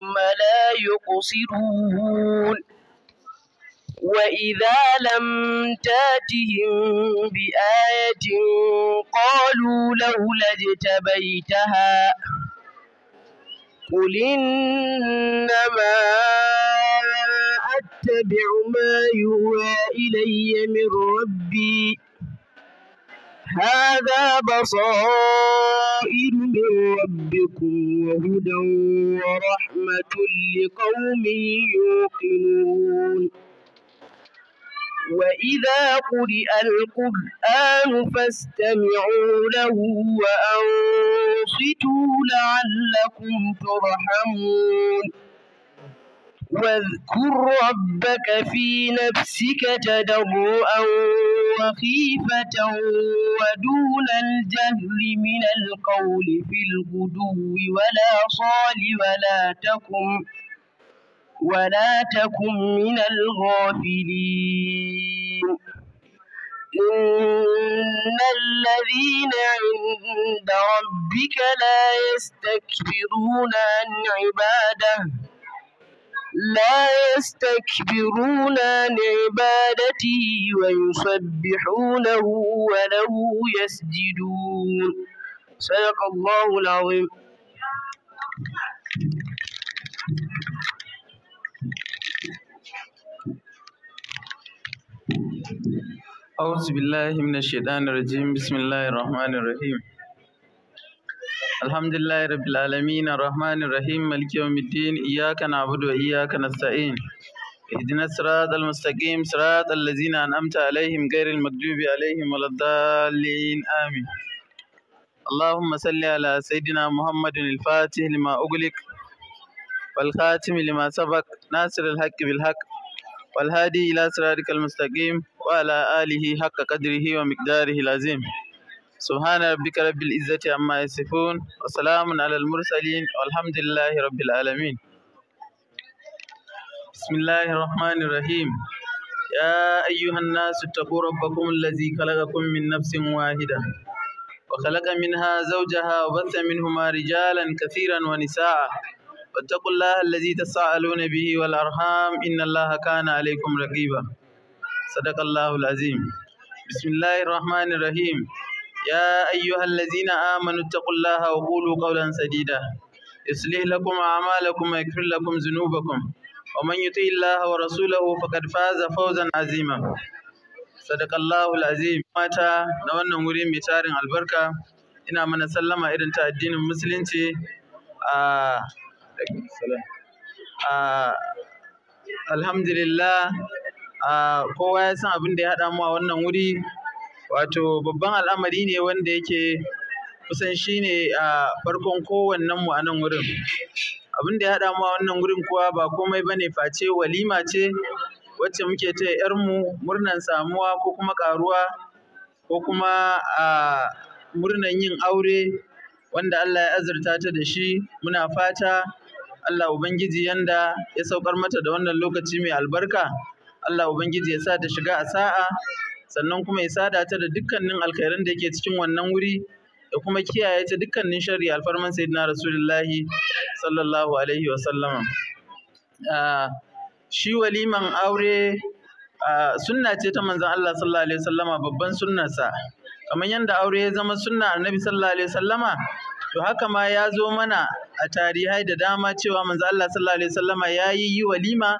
ثم لا يقصرون وإذا لم تاتهم بآية قالوا لولا اجتبيتها قل إنما أتبع ما يوحى إلي من ربي هذا بصائر من ربي ربكم وهدى ورحمة لقوم يوقنون وإذا قرئ القرآن فاستمعوا له وأنصتوا لعلكم ترحمون واذكر ربك في نفسك تضرعا وخيفة ودون الجهل من القول في الغدو ولا صال ولا تكن ولا تكن من الغافلين إن الذين عند ربك لا يستكبرون عن عباده لا يستكبرون عن عبادته ويسبحونه وله يسجدون صدق الله العظيم أعوذ بالله من الشيطان الرجيم بسم الله الرحمن الرحيم الحمد لله رب العالمين الرحمن الرحيم ملك يوم الدين إياك نعبد وإياك نستعين اهدنا الصراط المستقيم صراط الذين أنعمت عليهم غير المغضوب عليهم ولا الضالين آمين اللهم صل على سيدنا محمد الفاتح لما أغلق والخاتم لما سبق ناصر الحق بالحق والهادي إلى صراطك المستقيم وعلى آله حق قدره ومقداره العظيم سبحان ربك رب العزة عما يصفون وسلام على المرسلين والحمد لله رب العالمين بسم الله الرحمن الرحيم يا أيها الناس اتقوا ربكم الذي خلقكم من نفس واحدة وخلق منها زوجها وبث منهما رجالا كثيرا ونساء واتقوا الله الذي تساءلون به والأرحام إن الله كان عليكم رقيبا صدق الله العظيم بسم الله الرحمن الرحيم يا أيها الذين آمنوا اتقوا الله وقولوا قولا سديدا يصلح لكم أعمالكم ويغفر لكم ذنوبكم ومن يطع الله ورسوله فقد فاز فوزا عظيما صدق الله العظيم mata da wannan wuri mai tarin albarka ina mana sallama irin ta addinin musulunci a alhamdulillah kowa ya san abin da ya haɗa mu a wannan wuri Wato babban al'amari ne wanda yake kusan shi ne a farkon kowannen mu a nan wurin. Abin da ya haɗa mu a wannan wurin kuwa ba komai ba ne face walima ce wacce muke taya 'yarmu murnan samuwa ko kuma ƙaruwa ko kuma a murnan yin aure wanda Allah ya azurta ta da shi. Muna fata Allah Ubangiji yanda ya saukar mata da wannan lokaci mai albarka, Allah Ubangiji ya sa ta shiga a sa'a. sannan kuma ya sada ta da dukkanin alkhairan da yake cikin wannan wuri da kuma kiyaye ta dukkanin shari'a alfarman sayyidina rasulullahi sallallahu alaihi wa sallama ah, shi waliman aure ah, sunna ce ta manzon Allah sallallahu alaihi wa sallama babban sunnarsa kamar yadda aure ya zama sunna annabi sallallahu alaihi wa sallama to haka ma ya zo mana a tarihai da dama cewa manzon Allah sallallahu alaihi wa sallama ya yi walima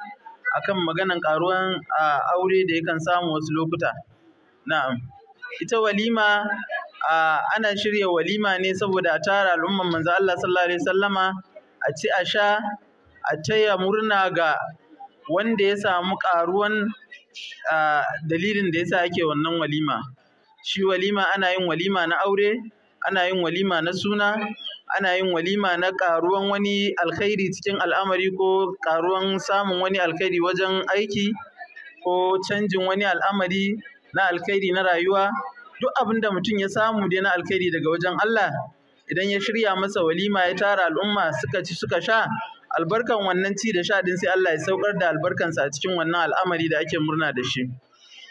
akan maganan karuwan ah, aure da yakan samu wasu lokuta Na'am. Ita walima, ana shirya walima ne saboda a tara al'umman manzo Allah sallallahu alaihi wasallama, a ci a sha, a taya murna ga wanda ya samu ƙaruwan a, dalilin da yasa ake wannan walima. Shi walima ana yin walima na aure, ana yin walima na suna, ana yin walima na ƙaruwan wani alkhairi cikin al'amari ko ƙaruwan samun wani alkhairi wajen aiki ko canjin wani al'amari na alkhairi na rayuwa duk abin da mutum ya samu dai na alkhairi daga wajen Allah idan ya shirya masa walima ya tara al'umma suka ci suka sha albarkan wannan ci da sha din sai Allah ya saukar da albarkansa a cikin wannan al'amari da ake murna da shi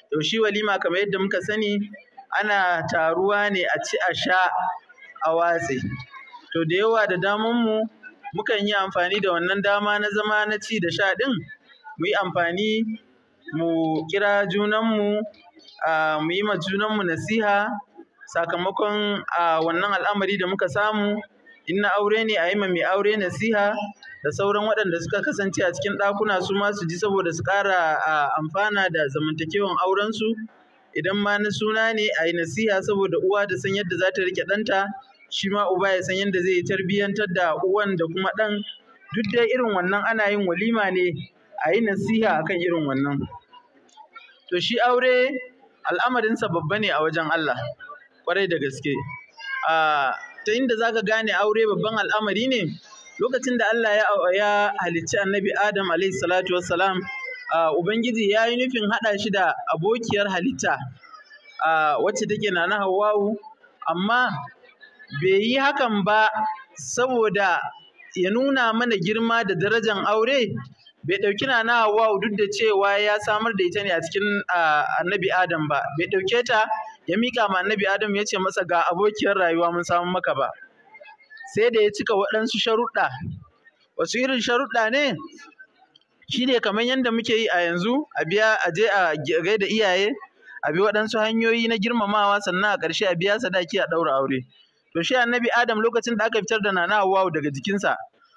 to shi walima kamar yadda muka sani ana taruwa ne a ci a sha a watse to da yawa da daman mu mukan yi amfani da wannan dama na zama na ci da sha din mu yi amfani mu kira junanmu mu yi ma junanmu nasiha sakamakon wannan al'amari da muka samu in na aure ne a yi ma mai aure nasiha da sauran waɗanda suka kasance a cikin ɗakuna su ma su ji saboda su ƙara amfana da zamantakewan aurensu idan ma na suna ne a yi nasiha saboda uwa ta san yadda za ta riƙe ɗanta shi ma uba ya san yadda zai yi tarbiyyantar da uwan da kuma ɗan duk dai irin wannan ana yin walima ne a yi nasiha akan irin wannan to shi aure al'amarinsa babba ne a wajen Allah kwarai da gaske ta inda zaka gane aure babban al'amari ne lokacin da Allah ya halicci annabi Adam alaihi salatu wassalam ubangiji ya yi nufin haɗa shi da abokiyar halitta wacce take na na Hawwa'u amma bai yi hakan ba saboda ya nuna mana girma da darajan aure bai ɗauki Nana Hawwa'u duk da cewa ya samar da ita ne a cikin Annabi Adam ba bai ɗauke ta ya mika ma Annabi Adam ya ce masa ga abokiyar rayuwa mun samu maka ba sai da ya cika waɗansu sharuɗa wasu irin sharuɗa ne shi ne kamar yadda muke yi a yanzu a biya a je a gaida iyaye a bi waɗansu hanyoyi na girmamawa sannan a ƙarshe a biya sadaki a ɗaura aure to shi Annabi Adam lokacin da aka fitar da Nana Hawwa'u daga jikinsa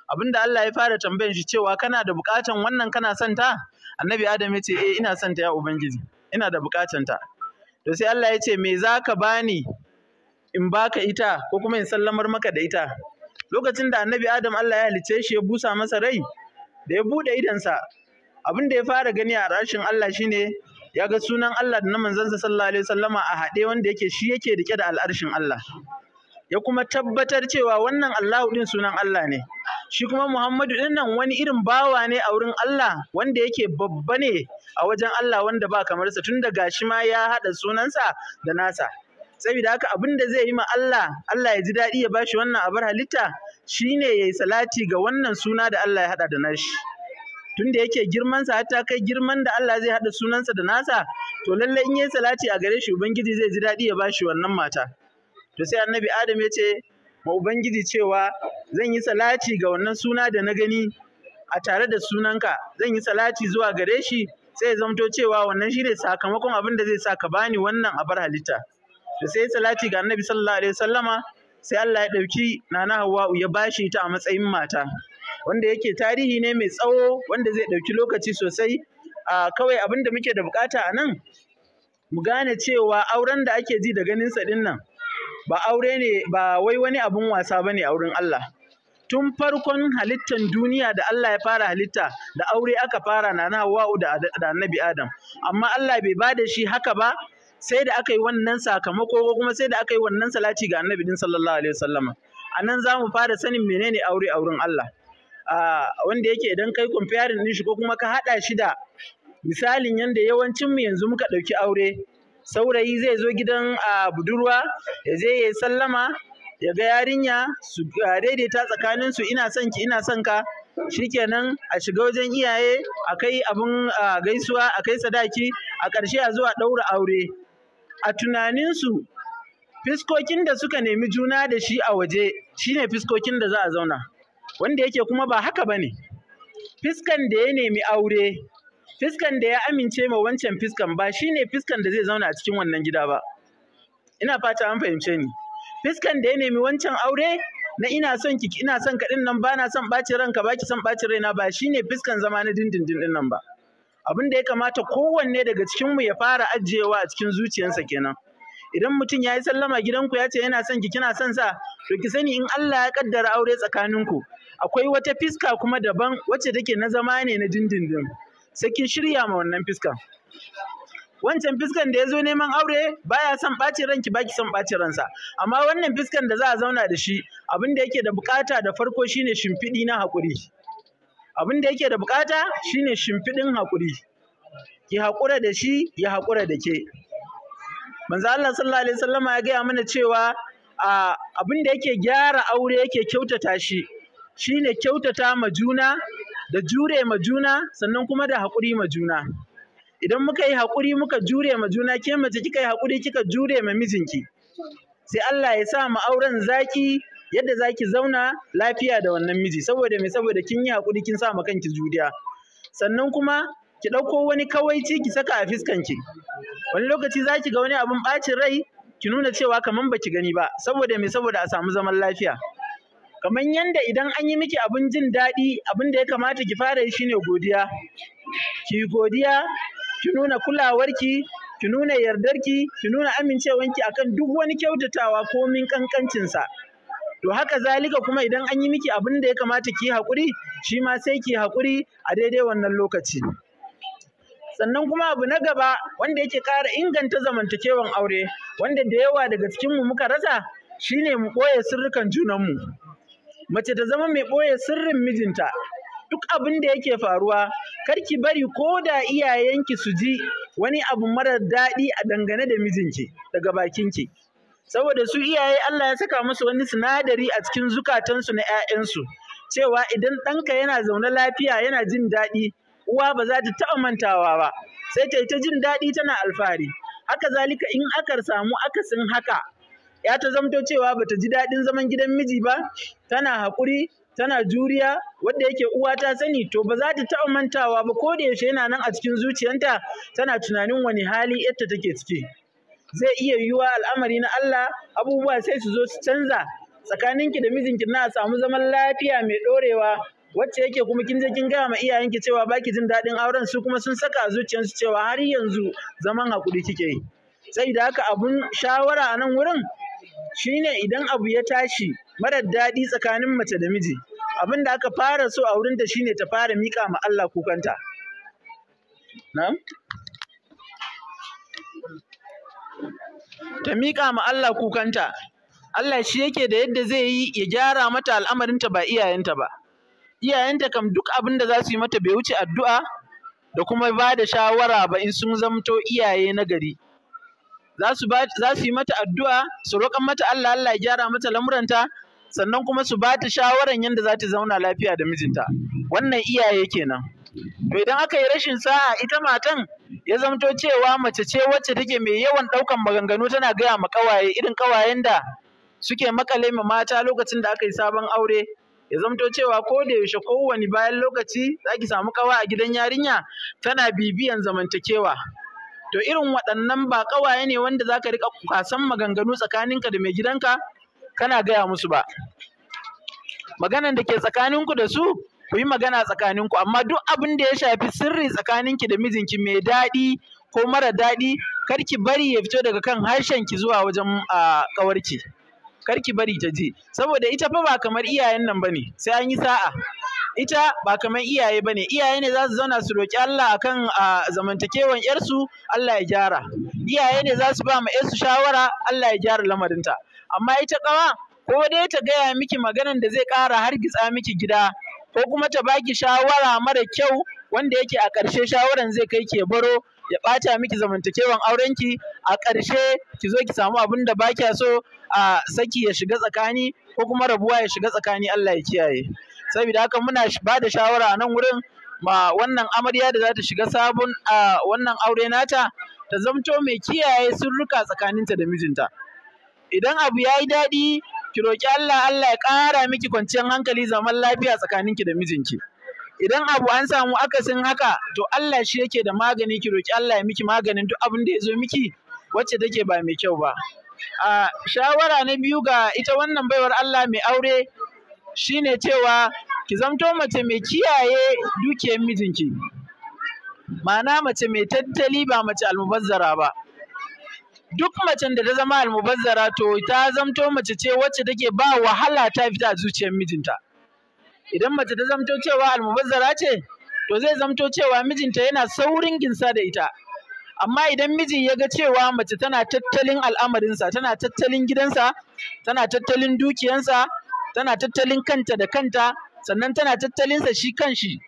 abinda Allah ya fara tambayan shi cewa kana da bukatan wannan kana son ta annabi adam ya ce eh ina son ta ya ubangiji ina da bukatan ta to sai Allah ya ce me zaka bani in baka ita ko kuma in sallamar maka da ita lokacin da annabi adam Allah ya halice shi ya busa masa rai da ya bude idansa abin da ya fara gani a rashin Allah shine ya ga sunan Allah da na manzansa sallallahu alaihi wasallama a haɗe wanda yake shi yake rike da al'arshin Allah ya kuma tabbatar cewa wannan Allahu din sunan Allah ne shi kuma Muhammadu din nan wani irin bawa ne a wurin Allah wanda yake babba ne a wajen Allah wanda ba kamar sa tunda gashi ma ya haɗa sunansa da nasa saboda haka abin da zai yi ma Allah Allah ya ji daɗi ya bashi wannan abar halitta shine yayi salati ga wannan suna da Allah ya hada da nashi tunda yake girmansa har ta kai girman da Allah zai hada sunansa da nasa to lallai in yi salati a gare shi ubangiji zai ji daɗi ya bashi wannan mata to sai annabi adam ya ce ma ubangiji cewa zan yi salati ga wannan suna da na gani a tare da sunanka zan yi salati zuwa gare shi sai ya zamto cewa wannan shine sakamakon abin da zai sa ka bani wannan abar halitta to sai salati ga annabi sallallahu alaihi wasallama sai Allah ya dauki nana Hawwa'u ya bashi ta a matsayin mata wanda yake tarihi ne mai tsawo wanda zai dauki lokaci sosai a kawai abin da muke da bukata a nan mu gane cewa auren da ake ji da ganin sa din ba aure ne ba wai wani abun wasa ne a wurin Allah tun farkon halittan duniya da Allah ya fara halitta da aure aka fara na na wa'u da Annabi Adam amma Allah bai ba da shi haka ba sai da aka yi wannan sakamako ko kuma sai da aka yi wannan salati ga Annabi din sallallahu alaihi A nan za mu fara sanin menene aure a wurin Allah wanda yake idan kai comparing din shi ko kuma ka hada shi da misalin yanda yawancin mu yanzu muka ɗauki aure saurayi zai zo gidan a budurwa ya zai yi sallama ya ga yarinya su daidaita tsakanin su ina son ki ina son ka shikenan a shiga wajen iyaye a kai abun gaisuwa a kai sadaki a ƙarshe a zuwa ɗaura aure a tunanin su fiskokin da suka nemi juna da shi a waje shine fiskokin da za a zauna wanda yake kuma ba haka bane fiskan da ya nemi aure fiskan da ya amince ma wancan fiskan ba shine fiskan da zai zauna a cikin wannan gida ba ina fata an fahimce ni fiskan da ya nemi wancan aure na ina son ki ina son ka din nan ba na son ɓacin ranka ba ki son ɓacin raina ba shi ne fiskan zama na dindindin din nan ba abin da ya kamata kowanne daga cikin mu ya fara ajiyewa a cikin zuciyarsa kenan idan mutum ya yi sallama gidan ku ya ce yana son ki kina son sa to ki sani in Allah ya kaddara aure tsakaninku akwai wata fiska kuma daban wacce take na zama ne na dindindin sai kin shirya ma wannan fiskan wancan fiskan da ya zo neman aure baya son ɓacin ranki baki son ɓacin ransa amma wannan fiskan da za a zauna da shi abin da yake da bukata da farko shine shimfiɗi na haƙuri abin da yake da bukata shine shimfiɗin haƙuri ki haƙura da shi ya haƙura da ke manzo Allah sallallahu alaihi wasallama ya gaya mana cewa abin da yake gyara aure yake kyautata shi shine kyautata ma juna da jure ma juna sannan kuma da haƙuri ma juna idan muka yi haƙuri muka jure ma juna ke mace kika yi haƙuri kika jure ma mijinki sai Allah ya sa mu auren zaki yadda zaki zauna lafiya da wannan miji saboda me saboda kin yi haƙuri kin sa ma kanki juriya sannan kuma ki ɗauko wani kawaici ki saka a ki. wani lokaci zaki ga wani abin ɓacin rai ki nuna cewa kaman baki gani ba saboda me saboda a samu zaman lafiya kamar yanda idan an yi miki abin jin daɗi abin da ya kamata ki fara yi shine godiya ki godiya ki nuna kulawarki ki nuna yardarki ki nuna amincewanki akan duk wani kyautatawa ko komin kankancinsa to haka zalika kuma idan an yi miki abin da ya kamata ki yi haƙuri shi ma sai ki haƙuri a daidai wannan lokaci sannan kuma abu na gaba wanda yake ƙara inganta zamantakewan aure wanda da yawa daga cikinmu muka rasa shine mu ɓoye sirrukan junanmu Mace ta zama mai ɓoye sirrin mijinta. Duk abin da yake faruwa, kar ki bari ko da iyayenki su ji wani abu mara daɗi a dangane da mijinki daga bakinki. Saboda su iyaye Allah ya saka musu wani sinadari a cikin zukatansu na ‘ya'yansu, cewa idan ɗanka yana zaune lafiya yana jin daɗi, uwa ba za ta taɓa mantawa ba, sai ta yi ta jin daɗi tana alfahari. Haka zalika in aka samu akasin haka, ya ta zamto cewa bata ji daɗin zaman gidan miji ba tana haƙuri tana juriya wadda yake uwa ta sani to ba za ta taɓa mantawa ba ko da yaushe yana nan a cikin zuciyanta tana tunanin wani hali yadda take ciki zai iya yiwuwa al'amari na Allah abubuwa sai su zo su canza tsakaninki da mijinki na samu zaman lafiya mai ɗorewa wacce yake kuma kin je kin gaya ma iyayenki cewa baki jin daɗin auren su kuma sun saka a zuciyarsu cewa har yanzu zaman haƙuri kike yi sai da haka abun shawara a nan wurin shine idan abu ya tashi marar daɗi tsakanin mace da miji abin da aka fara so a wurin da shi ne ta fara miƙa ma Allah kukanta na'am ta miƙa ma Allah kukanta Allah shi yake da yadda zai yi ya gyara mata al'amarinta ba iyayenta ba iyayenta kam duk abin da za su yi mata bai wuce addu'a da kuma ba da shawara ba in sun zamto iyaye na gari za su yi mata addu'a su roƙan mata Allah Allah ya gyara mata lamuranta sannan kuma su ba ta shawaran yadda za ta zauna lafiya da mijinta wannan iyaye kenan to idan aka yi rashin sa'a ita matan ya zamto cewa mace ce wacce take mai yawan ɗaukan maganganu tana gaya ma ƙawaye irin ƙawayen da suke makale ma mata lokacin da aka yi sabon aure ya zamto cewa ko da yaushe kowane bayan lokaci za ki samu ƙawa a gidan yarinya tana bibiyan zamantakewa to irin waɗannan ba ƙawaye ne wanda za ka riƙa kwasan maganganu tsakaninka da mai gidanka kana gaya musu ba maganan da ke tsakaninku da su ku yi magana tsakaninku amma duk abin da ya shafi sirri tsakaninki da mijinki mai daɗi ko mara daɗi kar ki bari ya fito daga kan harshen ki zuwa wajen ƙawarki kar ki bari ta je. saboda ita fa ba kamar iyayen nan ba ne, sai an yi sa'a ita ba kamar iyaye bane iyaye ne za su zauna su roki Allah akan zamantakewan yarsu Allah ya gyara iyaye ne za su ba ma yarsu shawara Allah ya gyara lamarinta amma ita kawa ko dai ta gaya miki maganan da zai ƙara gitsa miki gida ko kuma ta baki shawara mara kyau wanda yake a ƙarshe shawaran zai kai ke baro ya ɓata miki zamantakewan aurenki a ƙarshe ki zo ki samu abin da ba so a saki ya shiga tsakani ko kuma rabuwa ya shiga tsakani Allah ya kiyaye. saboda haka muna ba da shawara a nan wurin ma wannan amarya da za ta shiga sabon a wannan aure nata ta zamto mai kiyaye sirruka tsakaninta da mijinta idan abu ya yi daɗi ki roƙi Allah Allah ya ƙara miki kwanciyar hankali zaman lafiya tsakaninki da mijinki idan abu an samu akasin haka to Allah shi yake da magani ki roƙi Allah ya miki maganin duk abin da ya zo miki wacce take ba mai kyau ba a shawara na biyu ga ita wannan baiwar Allah mai aure shine cewa ki zamto mace mai kiyaye dukiyar mijinki ma'ana mace mai tattali ba mace almubazzara ba duk macen da ta zama almubazzara to ta zamto mace ce wacce take ba wahala ta fita a zuciyar mijinta idan mace ta zamto cewa almubazzara ce to zai zamto cewa mijinta yana saurin ginsa da ita amma idan miji ya ga cewa mace tana tattalin al'amarinsa tana tattalin gidansa tana tattalin dukiyansa tana tattalin kanta da kanta sannan tana tattalin sa shi kanshi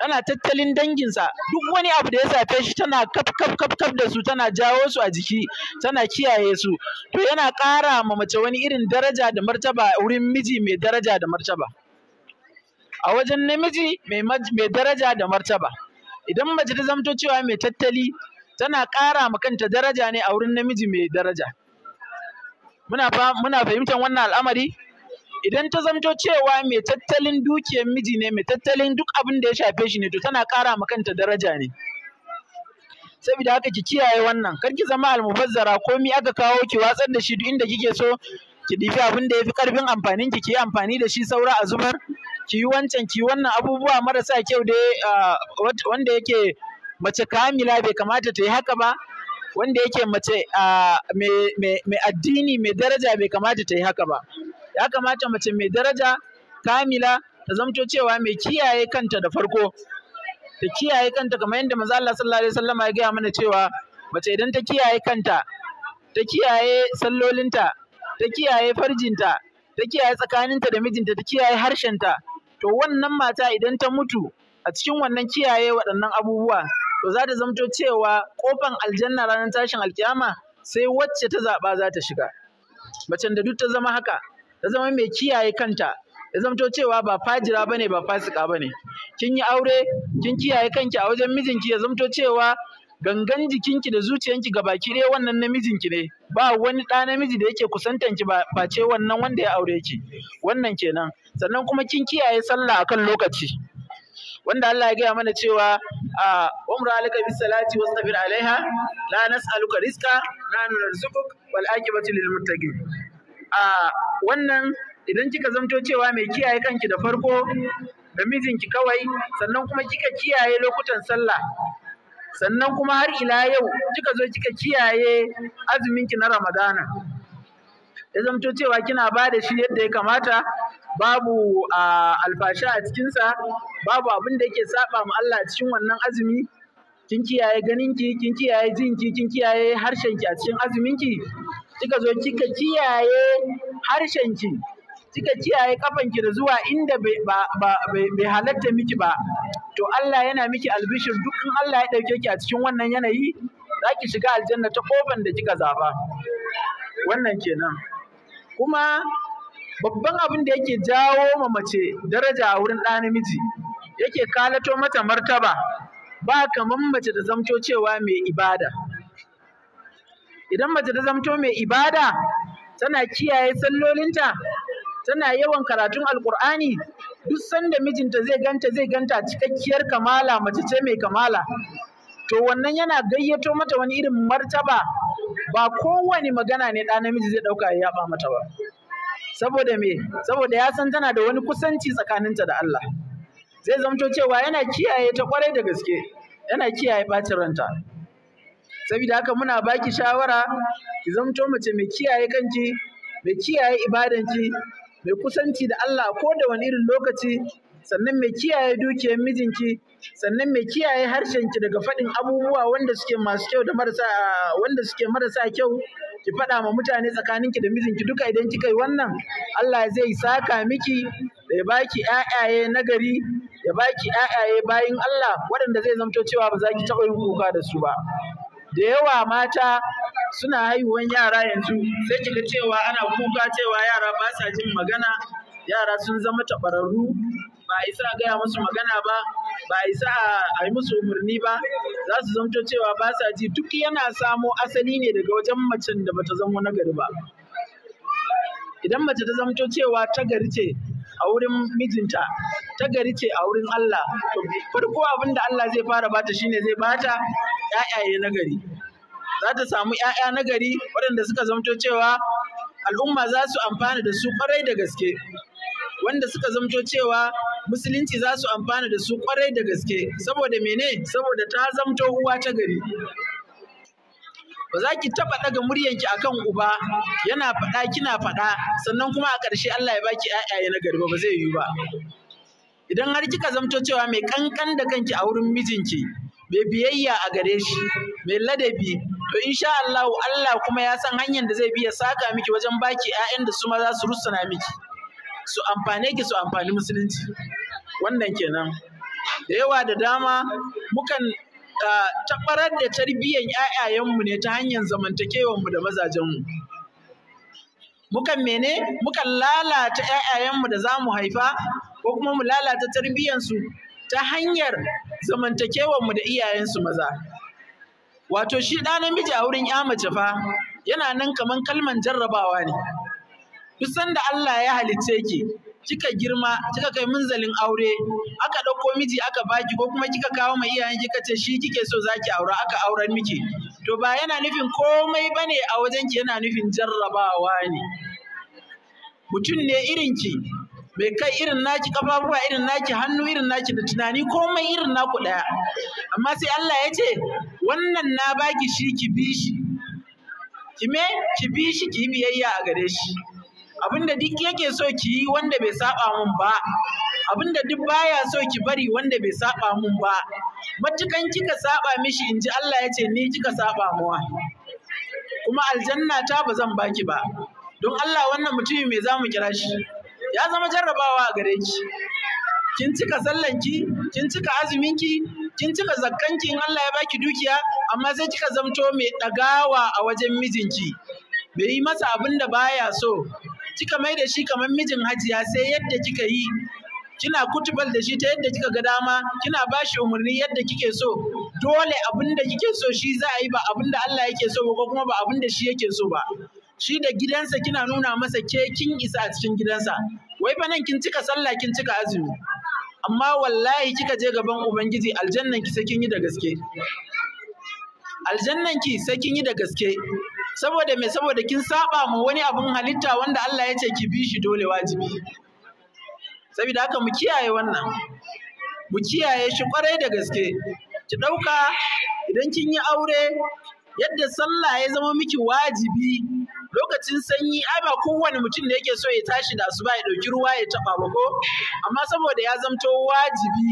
tana tattalin danginsa duk wani abu da ya safe shi tana kaf kaf da su tana jawo su a jiki tana kiyaye su to yana ƙara ma mace wani irin daraja da martaba wurin miji mai daraja da martaba a wajen namiji mai daraja da martaba idan mace ta zamto cewa mai tattali tana ƙara ma kanta daraja ne a wurin namiji mai daraja muna fahimtar wannan al'amari idan ta zamto cewa mai tattalin dukiyar miji ne mai tattalin duk abin da ya shafe shi ne to tana kara ma kanta daraja ne saboda haka ki kiyaye wannan kar ki zama almubazzara komi aka kawo ki watsar da shi duk inda kike so ki difi abin da yafi karfin amfanin ki ki amfani da shi saura a zubar ki yi wancan ki wannan abubuwa marasa kyau da wanda yake mace kamila bai kamata ta yi haka ba wanda yake mace mai addini mai daraja bai kamata ta yi haka ba ya kamata mace mai daraja kamila ta zamto cewa mai kiyaye kanta da farko ta kiyaye kanta kamar yadda manzo Allah sallallahu alaihi wasallam ya gaya mana cewa mace idan ta kiyaye kanta ta kiyaye sallolinta ta kiyaye farjinta ta kiyaye tsakaninta da mijinta ta kiyaye harshenta to wannan mata idan ta mutu a cikin wannan kiyaye waɗannan abubuwa to za ta zamto cewa kofan aljanna ranar tashin alkiyama sai wacce ta zaɓa za ta shiga macen da duk ta zama haka ta zama mai kiyaye kanta ya zamto cewa ba fajira bane ba fasika bane kin yi aure kin kiyaye kanki a wajen mijinki ya zamto cewa gangan jikinki da zuciyanki ga baki ɗaya wannan namijinki ne ba wani ɗa namiji da yake kusantanki ba face wannan wanda ya aure ki wannan kenan sannan kuma kin kiyaye sallah akan lokaci wanda Allah ya gaya mana cewa a umra alaka bis salati wastabir alaiha la nas'aluka rizqa nahnu narzuquk wal aqibatu lil muttaqin a wannan idan kika zamto cewa mai kiyaye kanki da farko da mijinki kawai sannan kuma kika kiyaye lokutan sallah sannan kuma har ila yau kika zo kika kiyaye azuminki na ramadana ya zamto cewa kina ba da shi yadda ya kamata babu alfasha a cikinsa babu abin da yake saba ma Allah a cikin wannan azumi kin kiyaye ganinki kin kiyaye jinki kin kiyaye harshenki a cikin azuminki kika zo kika kiyaye harshen ki, kika kiyaye kafanki da zuwa inda bai halatta miki ba to Allah yana miki albishir duk in Allah ya dauke ki a cikin wannan yanayi za ki shiga aljanna ta kofan da kika zaba wannan kenan kuma babban abin da yake jawo ma mace daraja a wurin ɗa namiji yake kalato mata martaba ba kamar mace da zamto cewa mai ibada idan mace ta zamto mai ibada tana kiyaye sallolinta tana yawan karatun alkur'ani duk sanda mijinta zai ganta zai ganta cikakkiyar kamala mace ce mai kamala to wannan yana gayyato mata wani irin martaba ba kowane magana ne ɗa namiji zai ɗauka ya yaba mata ba saboda me saboda ya san tana da wani kusanci tsakaninta da Allah zai zamto cewa yana kiyaye ta kwarai da gaske yana kiyaye ɓacin ranta saboda haka muna baki shawara ki zamto mace mai kiyaye kanki mai kiyaye ibadanki mai kusanci da Allah ko da wani irin lokaci sannan mai kiyaye dukiyar mijinki sannan mai kiyaye harshenki daga faɗin abubuwa wanda suke masu kyau da marasa wanda suke marasa kyau ki faɗa ma mutane tsakaninki da mijinki duka idan kika yi wannan Allah zai saka miki da ya baki ƴaƴaye nagari ya baki ƴaƴaye bayin Allah waɗanda zai zamto cewa ba za ki taɓa yin kuka da su ba da yawa mata suna haihuwan yara yanzu sai kika cewa ana kuka cewa yara ba sa jin magana yara sun zama taɓararru ba a isa a gaya musu magana ba ba a isa a yi musu umarni ba za su zamto cewa ba sa ji duk yana samo asali ne daga wajen macen da bata zama nagari ba idan mace ta zamto cewa ta gari ce a wurin mijinta ta gari ce a wurin Allah farko abin da Allah zai fara bata shine zai bata ƴaƴaye na gari za ta samu ƴaƴa na gari waɗanda suka zamto cewa al'umma za su amfana da su kwarai da gaske wanda suka zamto cewa musulunci za su amfana da su kwarai da gaske saboda mene saboda ta zamto uwa ta gari ba za ki taɓa ɗaga muryanki akan uba yana faɗa kina faɗa sannan kuma a ƙarshe Allah ya baki 'ya'ya na gari ba zai yiwu ba idan har kika zamto cewa mai kankan da kanki a wurin mijinki mai biyayya a gare shi mai ladabi to insha Allah Allah kuma ya san hanyar da zai bi ya saka miki wajen baki ƴaƴan da su ma za su rusuna miki su amfane ki su amfani musulunci wannan kenan da yawa da dama mukan taɓarar da tarbiyyar ‘ya'yayenmu ne ta hanyar zamantakewanmu da mazajenmu. Mukan mene? Mukan lalata ‘ya'yayenmu da za mu haifa ko kuma mu lalata tarbiyyansu ta hanyar zamantakewanmu da iyayensu maza. Wato shi ɗa namiji a wurin ‘ya mace fa yana nan kamar kalman jarrabawa ne. Duk sanda Allah ya halicce ki, kika girma kika kai munzalin aure aka ɗauko miji aka baki ko kuma kika kawo mai iyayen kika ce shi kike so zaki aura aka auren miki to ba yana nufin komai bane a wajen ki, yana nufin jarrabawa ne mutum ne irin ki bai kai irin naki kafafuwa irin naki hannu irin naki da tunani komai irin naku ɗaya amma sai Allah ya ce wannan na baki shi ki bi shi kime ki bi shi ki biyayya a gare shi Abin da duk yake so ki yi wanda bai saba mun ba abin da duk baya so ki bari wanda bai saba mun ba matukan kika saba mishi inji Allah ya ce ni kika saba muwa kuma aljanna ta ba zan baki ba don Allah wannan mutumi mai zamu kira shi ya zama jarrabawa a gare ki kin cika sallanki kin cika azuminki kin cika zakkanki in Allah ya baki dukiya amma sai kika zamto mai dagawa a wajen mijinki bai yi masa abin da baya so kika mai da shi kamar mijin hajiya sai yadda kika yi kina kutubal da shi ta yadda kika ga dama kina bashi umarni yadda kike so dole abin da kike so shi za a yi ba abin da Allah yake so ba kuma ba abin da shi yake so ba shi da gidansa kina nuna masa ke kin isa a cikin gidansa wai fa nan kin cika sallah kin cika azumi amma wallahi kika je gaban ubangiji aljannan ki sai kin yi da gaske aljannan ki sai kin yi da gaske saboda me saboda kin saba mu wani abun halitta wanda Allah ya ce ki bi shi dole wajibi saboda haka mu kiyaye wannan mu kiyaye shi kwarai da gaske ki ɗauka idan kin yi aure yadda sallah ya zama miki wajibi lokacin sanyi ai ba kowane mutum da yake so ya tashi da asuba ya ɗauki ruwa ya taɓa ba ko amma saboda ya zamto wajibi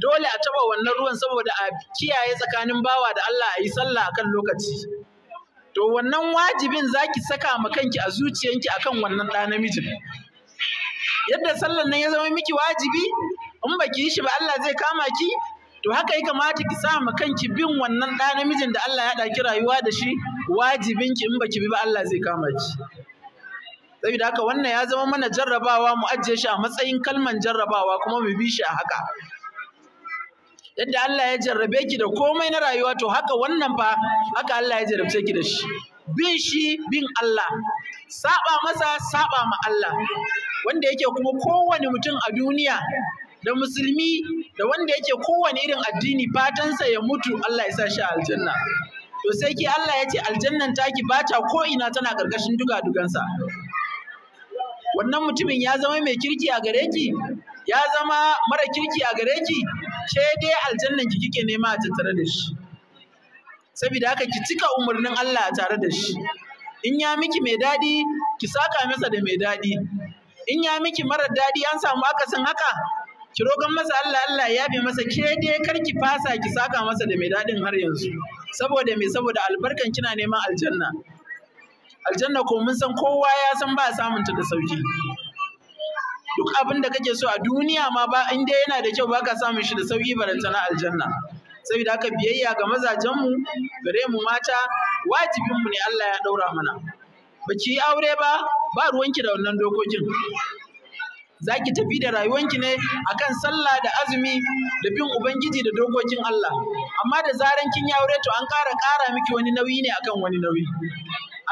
dole a taba wannan ruwan saboda a kiyaye tsakanin bawa da Allah a yi sallah akan lokaci to wannan wajibin za ki saka ma kanki a zuciyanki a kan wannan ɗa namijin yadda sallar nan ya zama miki wajibi in ba ki yi shi ba Allah zai kama ki to haka ya kamata ki sa ma kanki bin wannan ɗa namijin da Allah ya ɗaki rayuwa da shi wajibinki ki in ki bi ba Allah zai kama ki saboda haka wannan ya zama mana jarrabawa mu ajiye shi a matsayin kalman jarrabawa kuma mu bi shi a haka yadda Allah ya jarrabe ki da komai na rayuwa to haka wannan fa haka Allah ya jarrabce ki da shi bin shi bin Allah saba masa saba ma Allah wanda yake kuma kowane mutum a duniya da musulmi da wanda yake kowane irin addini fatansa ya mutu Allah ya sa shi aljanna to sai ki Allah ya ce aljannan taki bata ko ina tana karkashin duga dugansa wannan mutumin ya zama mai kirki a gare ki ya zama mara kirki a gare ki ke dai aljannan ki kike nema a tattare da shi saboda haka ki cika umarnin Allah tare da shi in ya miki mai daɗi ki saka masa da mai daɗi in ya miki marar daɗi an samu akasin haka ki rogon masa Allah Allah ya bi masa ke dai kar ki fasa ki saka masa da mai daɗin har yanzu saboda me saboda albarkan kina neman aljanna aljanna ko mun san kowa ya san ba samunta da sauki duk abin da kake so a duniya ma ba in dai yana da kyau ba ka samun shi da sauki baranta na aljanna saboda haka biyayya ga mazajen mu gare mu mata wajibinmu mu ne Allah ya daura mana baki aure ba ba ruwanki da wannan dokokin za ki tafi da rayuwanki ne akan sallah da azumi da bin ubangiji da dokokin Allah amma da zaran kin yi aure to an ƙara ƙara miki wani nauyi ne akan wani nauyi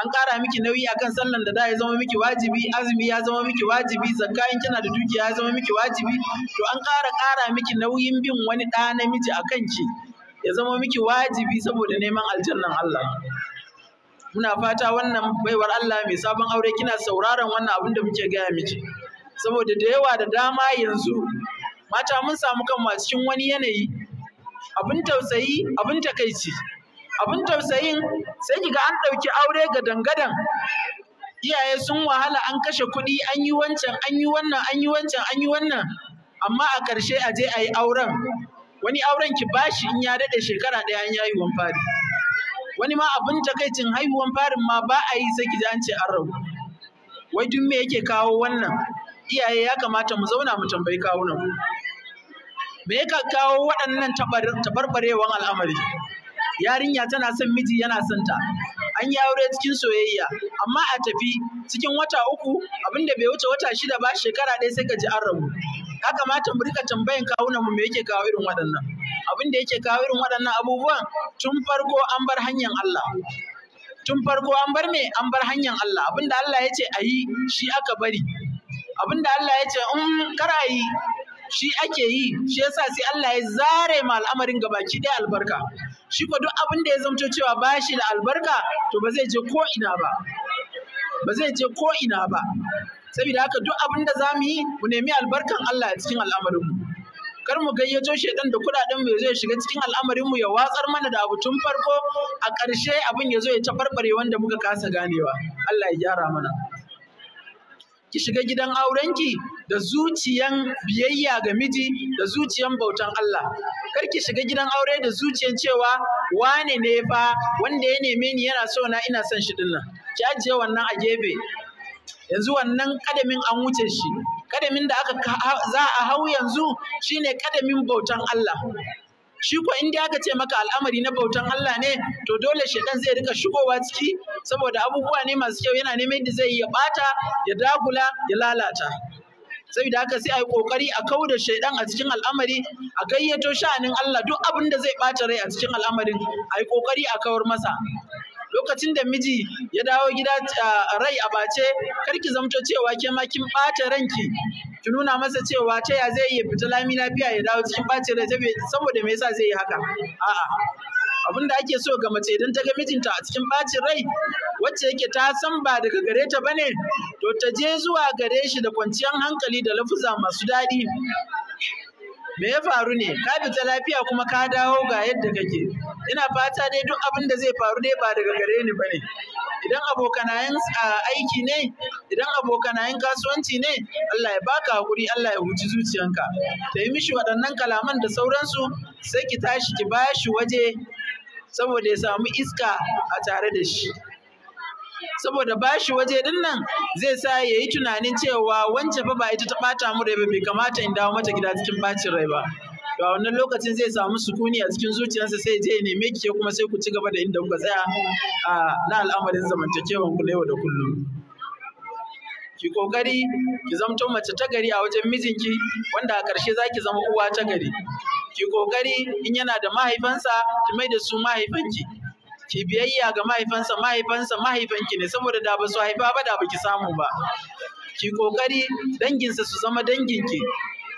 an ƙara miki nauyi akan sallan da da ya zama miki wajibi azumi ya zama miki wajibi zakka in kina da dukiya ya zama miki wajibi to an ƙara ƙara miki nauyin bin wani ɗa namiji a ki ya zama miki wajibi saboda neman aljannan Allah muna fata wannan baiwar Allah mai sabon aure kina sauraron wannan abin da muke gaya miki saboda da yawa da dama yanzu mata mun samu kanmu a cikin wani yanayi abin tausayi abin takaici abin tausayin sai kiga an ɗauki aure ga dangadan iyaye sun wahala an kashe kuɗi an yi wancan an yi wannan an yi wancan an yi wannan amma a ƙarshe a je a yi auren wani auren ki bashi in ya daɗe shekara ɗaya an yayi wan fari wani ma abin takaicin haihuwan farin ma ba a yi sai ki an ce an rabu wai duk me yake kawo wannan iyaye ya kamata mu zauna mu tambayi kawunan me ya kawo waɗannan tabarbarewan al'amari yarinya tana son miji yana son ta an yi aure cikin soyayya amma a tafi cikin wata uku abin da bai wuce wata shida ba shekara ɗaya sai ka ji an rabu ya kamata mu rika tambayan kawunan mu me yake kawo irin waɗannan abin da yake kawo irin waɗannan abubuwan tun farko an bar hanyar Allah tun farko an bar me an bar hanyar Allah abin da Allah ya ce a yi shi aka bari abin da Allah ya ce in mm, kar a yi shi ake yi shi yasa sai Allah ya zare ma al'amarin gabaki ɗaya albarka shi ko duk abin da ya zamto cewa ba shi da albarka to ba zai je ko ina ba ba zai je ko ina ba saboda haka duk abin da zamu yi mu nemi albarkan Allah a cikin al'amarin mu kar mu gayyato shedan da kudaden mu zai shiga cikin al'amarin mu ya watsar mana da abu tun farko a ƙarshe abin ya zo ya tabarbare wanda muka kasa ganewa Allah ya gyara mana ki shiga gidan aurenki da zuciyan biyayya ga miji da zuciyan bautan Allah kar ki shiga gidan aure da zuciyan cewa wane ne fa wanda ya neme ni yana so na ina son shi dinnan ki ajiye wannan a gefe yanzu wannan kadamin an wuce shi kadamin da aka za a hau yanzu shine kadamin bautan Allah shi ko in dai aka ce maka al'amari na bautan Allah ne to dole shedan zai rika shigowa ciki saboda abubuwa ne masu kyau yana neman da zai yi ya bata ya dagula ya lalata saboda haka sai a yi kokari a kau da shaidan a cikin al'amari a gayyato sha'anin Allah duk abin da zai bata rai a cikin al'amarin a yi kokari a kawar masa lokacin da miji ya dawo gida rai a bace karki zamto cewa ke ma kin ɓata ranki ki nuna masa cewa ta ya zai iya fita lami lafiya ya dawo cikin ɓacin rai saboda me yasa zai yi haka a'a abin da ake so ga mace idan ta ga mijinta a cikin bacin rai wacce yake ta san ba daga gare ta bane to ta je zuwa gare shi da kwanciyar hankali da lafuza masu daɗi me ya faru ne ka fita lafiya kuma ka dawo ga yadda kake ina fata dai duk abin da zai faru dai ba daga gare ni bane idan abokanayen aiki ne idan abokanayen kasuwanci ne Allah ya baka hakuri Allah ya huci zuciyanka ta yi mishi waɗannan kalaman da sauransu sai ki tashi ki bashi waje saboda ya samu iska a tare da shi saboda bashi waje din nan zai sa ya yi tunanin cewa wance fa ba ita ta bata mu rai bai kamata in dawo mata gida cikin bacin rai ba to a wannan lokacin zai samu sukuni a cikin zuciyarsa sai je ya neme ki kuma sai ku ci gaba da inda kuka tsaya a na al'amarin zamantakewan ku da kullum ki kokari ki zamto mace ta gari a wajen mijinki wanda a karshe zaki zama uwa ta gari ki kokari in yana da mahaifansa ki mai da su mahaifanki ki biyayya ga mahaifansa mahaifansa mahaifanki ne saboda da ba su haifa ba da baki samu ba ki kokari danginsa su zama danginki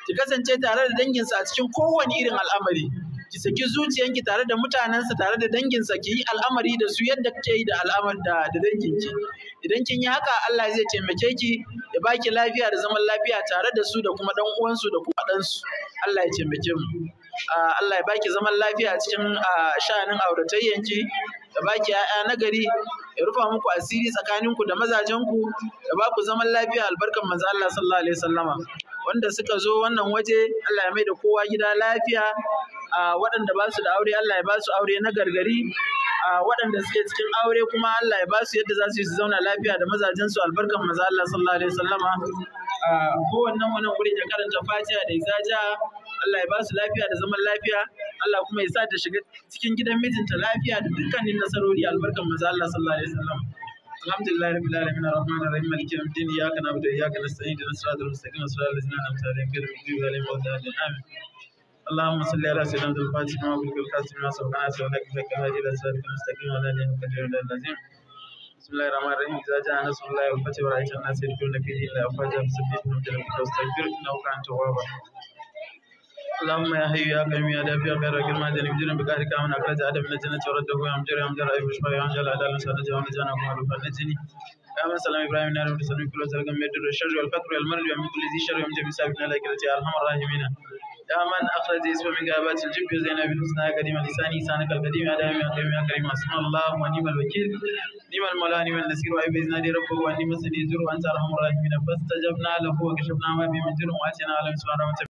ki kasance tare da danginsa a cikin kowane irin al'amari ki saki zuciyanki tare da mutanensa tare da danginsa ki yi al'amari da su yadda kake yi da al'amar da da danginki idan kin yi haka Allah zai taimake ki ya baki lafiya da zaman lafiya tare da su da kuma dan uwansu da kuma ɗansu Allah ya taimake mu ah, Allah ya baki zaman lafiya a cikin ah, sha'anin auratayyanki ba baki ‘ya'ya na gari ya rufa muku asiri tsakaninku da mazajenku da ba ku zaman lafiya albarkan manzo Allah sallallahu alaihi wasallama wanda suka zo wannan waje Allah ya mai da kowa gida lafiya a waɗanda ba su da aure Allah ya ba su aure na gargari a waɗanda suke cikin aure kuma Allah ya ba su yadda za su yi su zauna lafiya da mazajensu albarkan manzo Allah sallallahu alaihi wasallama a kowannen wannan wurin ya karanta Fatiha da Izaja Allah ya ba su lafiya da zaman lafiya Allah kuma ya sa ta shiga cikin gidan mijinta lafiya da dukkanin nasarori albarkan manzo Allah sallallahu alaihi wasallam alhamdulillah rabbil alamin arrahmanir rahim maliki yawmiddin iyyaka na'budu wa iyyaka nasta'in ihdinas siratal mustaqim siratal ladzina an'amta alaihim ghayril maghdubi alaihim waladdallin amin اللهم صل على سيدنا الفاتح ما بلغ القاسم ما سبحانه سبحانك فك هذه الاسرار المستقيم ولا دين كثير الذين بسم الله الرحمن الرحيم اذا جاء نصر الله والفتح ورايت الناس يدخلون في دين الله افواجا فسبح انه كان توابا اللهم يا حي يا قيوم يا دافع غير كلمة جنب جنب بكارك من أخرج آدم من الجنة ورد دعوة أم جري أم جرى أي بشبا يا أنجل أدال سادة جوان جانا كمال فنجني يا من سلام إبراهيم نار من سلام كل سلام ميد الشر والفقر والمرض ومن كل ذي شر يوم جميع سابنا لك رجع أرحم الراحمين يا من أخرج اسم من غابات الجب زينا بالحسنى قديم لساني سانك القديم يا دائم يا قيوم يا كريم حسبنا الله ونعم الوكيل نعم المولى نعم النصير وعيب إذن دي ربه ونعم السني زر وأنت أرحم الراحمين فاستجبنا له وكشفنا ما به من جرم وآتينا على